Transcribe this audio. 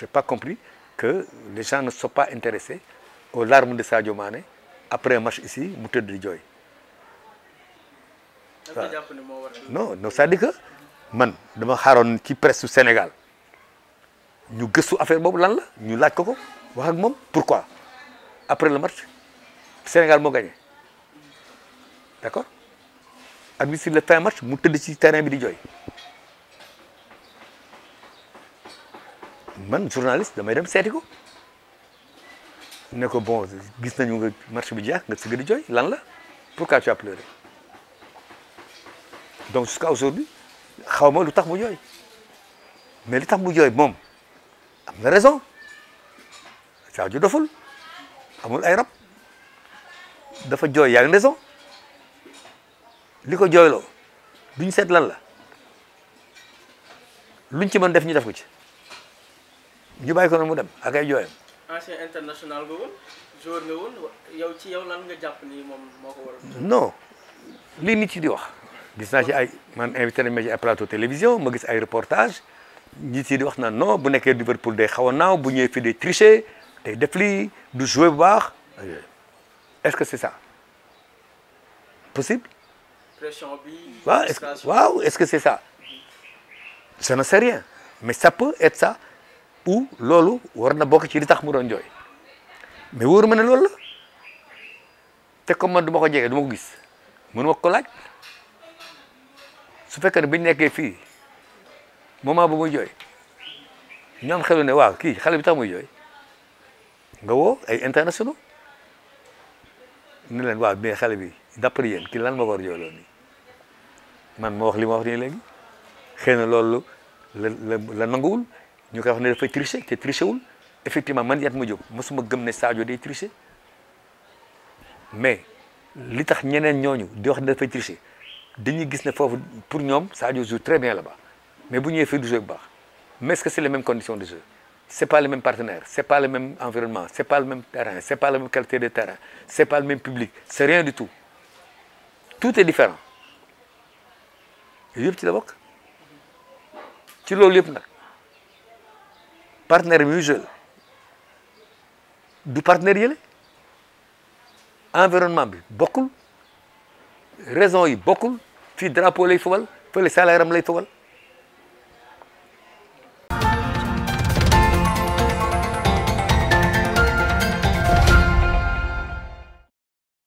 je n'ai pas compris que les gens ne sont pas intéressés aux larmes de Sadio Mane après un match ici mu de di non non ça dit que man dama xaaroon qui presse au Sénégal Nous avons affaire boobu lan la ñu fait l'a pourquoi après le match Sénégal m'a gagné d'accord Après le fin match mu de ci terrain bi man journaliste damay dem seeti ko ne ko bon gis nañu nga marché bu jeex nga sëgg di jooy lan la pourquoi tu as pleuré donc jusqu'à aujourd'hui xaw ma lu tax mu jooy mais li tax mu jooy moom am na raison Sadio doful amul ay rab dafa jooy yaa ngi raison li ko jooyloo duñ seet lan la luñ ci mën def ñu def ko ci ñu bay ko noonu mu dem ak ay jooyam. ancien international nga woon joueur nga yow ci yow lan nga japp ni mom moko ko non li nit ci di wax. gis naa ci ay man invité nañ ma ci plateau télévision ma gis ay reportage nit ci di wax na non bu nekkee Liverpool day xaw bu ñëwee fi day tricher day def li du jouer bu baax est-ce que c'est ça possible. pression bi. waaw est-ce que waaw est-ce que c'est ça. je n'en sais rien mais ça peut être ça. ou loolu war na bokk ci li tax mu doon jooy mais wóoru ma ne lool la te comme man du ma ko jege du ko gis mënu ma ko laaj su fekkee ne biñ nekkee fii moment bu muy jooy ñu am xelu ne waa kii xale bi tax muy jooy nga woo ay internationaux ne leen waaw mais xale bi d'après yéen kii lan ma ko war jooy loolu nii man ma wax li ma wax nii léegi xëy na loolu la la la nanguwul Nous avons wax ne dafay tricher te tricher wul effectivement man Yatma Diop mosuma gëm ne Sadio day tricher mais li tax ñeneen ñooñu di wax ne dafay tricher dañuy gis ne foofu pour ñoom Sadio joue très bien là-bas mais bu ñëwee fait du jeu bu mais est-ce que c'est les mêmes conditions de jeu c'est pas les mêmes partenaires c'est pas le même environnement c'est pas le même terrain c'est pas la même qualité de terrain c'est pas le même public c'est rien du tout tout est différent yëpp ci la bokk ci loolu yëpp partenaire mutuel du partenaire l'environnement environnement bi raisons, raison yi bokkul fii drapeau les salaires, fële salaire am lay